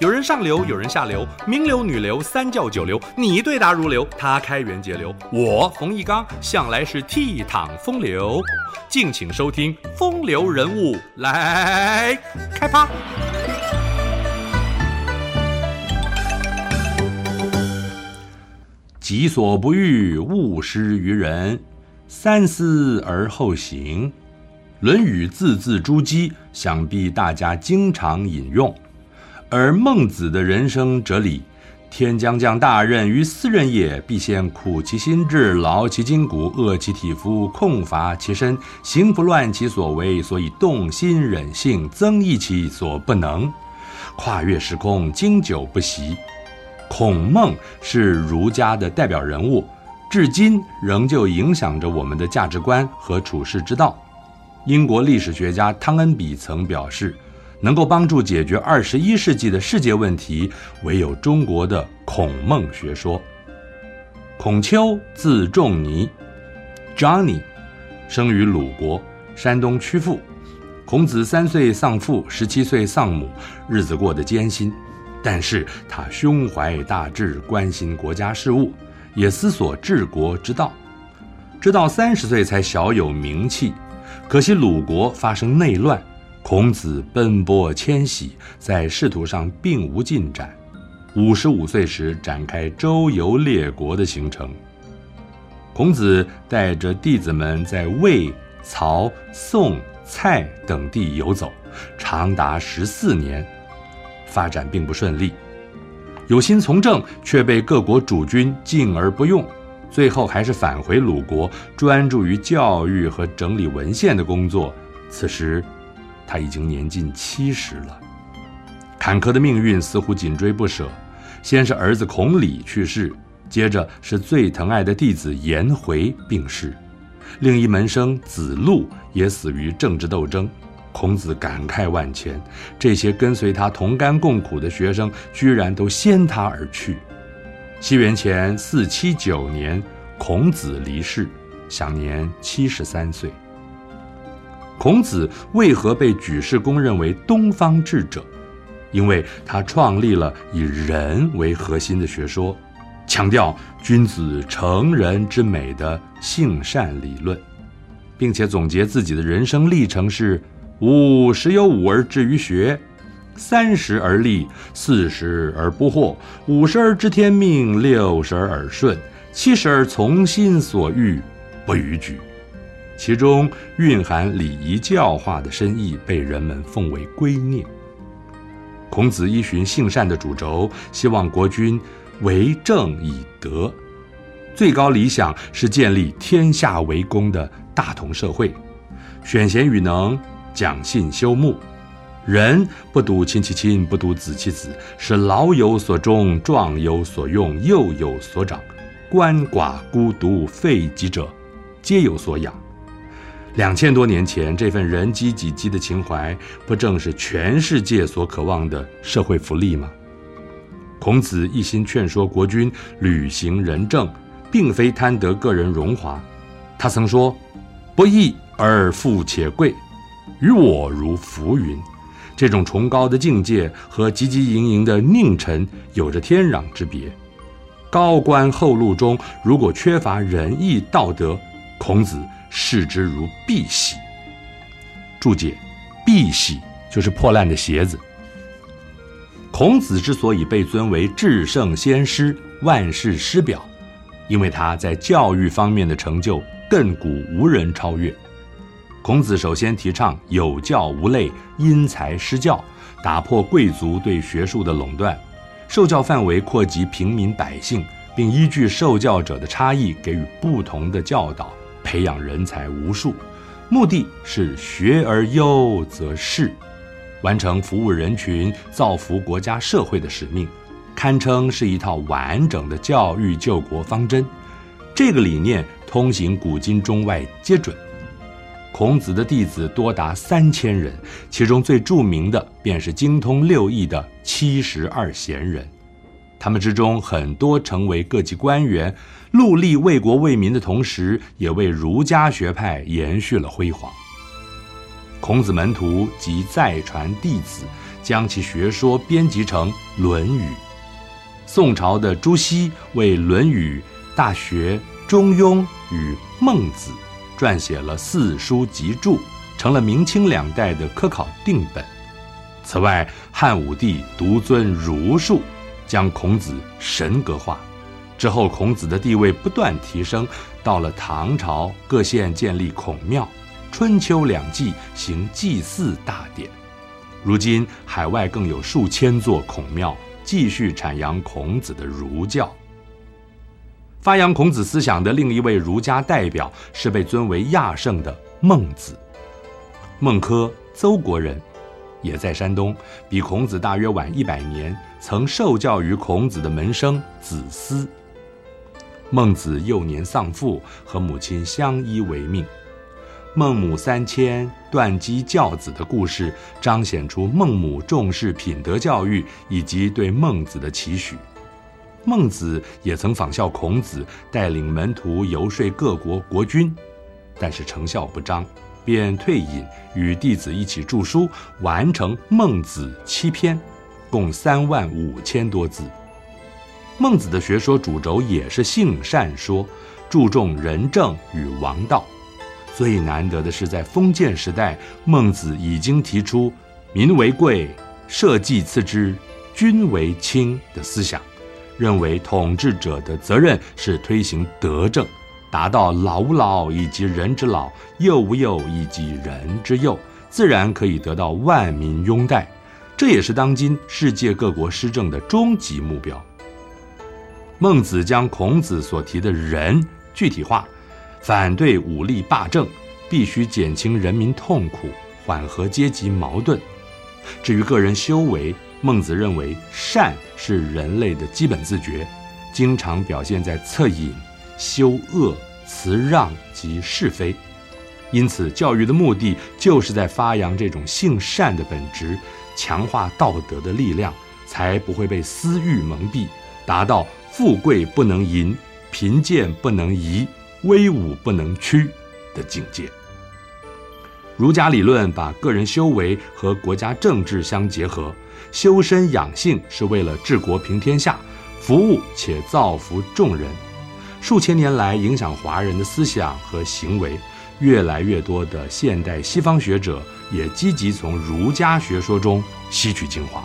有人上流，有人下流，名流、女流、三教九流，你對答如流，他開源節流，我馮翊綱向來是倜儻風流。敬請收聽《風流人物》。來，來開趴。己所不欲，勿施於人。三思而後行，《論語》字字珠璣，想必大家經常引用。而孟子的人生哲理：“天將降大任於斯人也，必先苦其心志，勞其筋骨，餓其體膚，空乏其身，行拂亂其所為，所以動心忍性，增益其所不能。”跨越時空，經久不息。孔孟是儒家的代表人物，至今仍舊影響着我們的價值觀和處世之道。英國歷史學家湯恩比曾表示。能夠幫助解決二十一世紀的世界問題，唯有中國的孔孟學說。孔丘，字仲尼，Johnny，生於魯國，山東曲阜。孔子三歲喪父，十七歲喪母，日子過得艱辛。但是他胸懷大志，關心國家事務，也思索治國之道。直到三十歲才小有名氣，可惜魯國發生內亂。孔子奔波遷徙，在仕途上並無進展。五十五歲時，展開周遊列國的行程。孔子帶着弟子們在魏、曹、宋、蔡等地遊走，長達十四年，發展並不順利。有心從政，卻被各國主君敬而不用，最後還是返回魯國，專注於教育和整理文獻的工作。此時，他已經年近七十了，坎坷的命運似乎緊追不舍。先是兒子孔鯉去世，接着是最疼愛的弟子顏回病逝，另一門生子路也死於政治鬥爭。孔子感慨萬千：這些跟隨他同甘共苦的學生，居然都先他而去。西元前四七九年，孔子離世，享年七十三歲。孔子為何被舉世公認為東方智者？因為他創立了以人為核心的學說，強調君子成人之美的性善理論，並且總結自己的人生歷程是：吾十有五而志於學，三十而立，四十而不惑，五十而知天命，六十而耳順，七十而從心所欲，不逾矩。其中蘊含禮儀教化的深意，被人們奉為圭臬。孔子依循性善的主軸，希望國君為政以德，最高理想是建立天下為公的大同社會。選賢與能，講信修睦。人不獨親其親，不獨子其子，使老有所終，壯有所用，幼有所長，鰥寡孤獨廢疾者，皆有所養。兩千多年前，這份人飢己飢的情懷，不正是全世界所渴望的社會福利嗎？孔子一心勸說國君履行仁政，並非貪得個人榮華。他曾說：“不義而富且貴，於我如浮雲。”這種崇高的境界和汲汲營營的佞臣有着天壤之別。高官厚祿中，如果缺乏仁義道德，孔子。視之如敝屣。注解：敝屣就是破爛的鞋子。孔子之所以被尊為至聖先師、萬世師表，因為他在教育方面的成就亘古無人超越。孔子首先提倡有教無類、因材施教，打破貴族對學術的壟斷，受教範圍擴及平民百姓，並依據受教者的差異給予不同的教導。培養人才無數，目的是學而優則仕，完成服務人群、造福國家社會的使命，堪稱是一套完整的教育救國方針。這個理念通行古今中外皆準。孔子的弟子多達三千人，其中最著名的便是精通六藝的七十二賢人。他們之中很多成為各級官員，戮力為國為民的同時，也為儒家學派延續了輝煌。孔子門徒及再傳弟子將其學說編輯成《論語》。宋朝的朱熹為《論語》《大學》《中庸》與《孟子》撰寫了《四書集注》，成了明清兩代的科考定本。此外，漢武帝獨尊儒術。將孔子神格化之後，孔子的地位不斷提升，到了唐朝，各縣建立孔廟，春秋兩季行祭祀大典。如今海外更有數千座孔廟，繼續闡揚孔子的儒教。發揚孔子思想的另一位儒家代表是被尊為亞聖的孟子，孟軻，鄒國人。也在山東，比孔子大約晚一百年，曾受教於孔子的門生子思。孟子幼年喪父，和母親相依為命。孟母三遷、斷機教子的故事，彰顯出孟母重視品德教育以及對孟子的期許。孟子也曾仿效孔子，帶領門徒游說各國國君，但是成效不彰。便退隱，與弟子一起著書，完成《孟子》七篇，共三萬五千多字。孟子的學說主軸也是性善說，注重仁政與王道，最難得的是，在封建時代，孟子已經提出“民為貴，社稷次之，君為輕”的思想，認為統治者的責任是推行德政。達到老吾老以及人之老，幼吾幼以及人之幼，自然可以得到萬民擁戴。這也是當今世界各國施政的終極目標。孟子將孔子所提的“仁”具體化，反對武力霸政，必須減輕人民痛苦，緩和階級矛盾。至於個人修為，孟子認為善是人類的基本自覺，經常表現在惻隱、羞惡、辭讓及是非，因此教育的目的就是在發揚這種性善的本質，強化道德的力量，才不會被私欲蒙蔽，達到富貴不能淫、貧賤不能移、威武不能屈的境界。儒家理論把個人修為和國家政治相結合，修身養性是為了治國平天下，服務且造福眾人。數千年來，影響華人的思想和行為，越來越多的現代西方學者也積極從儒家學說中吸取精華。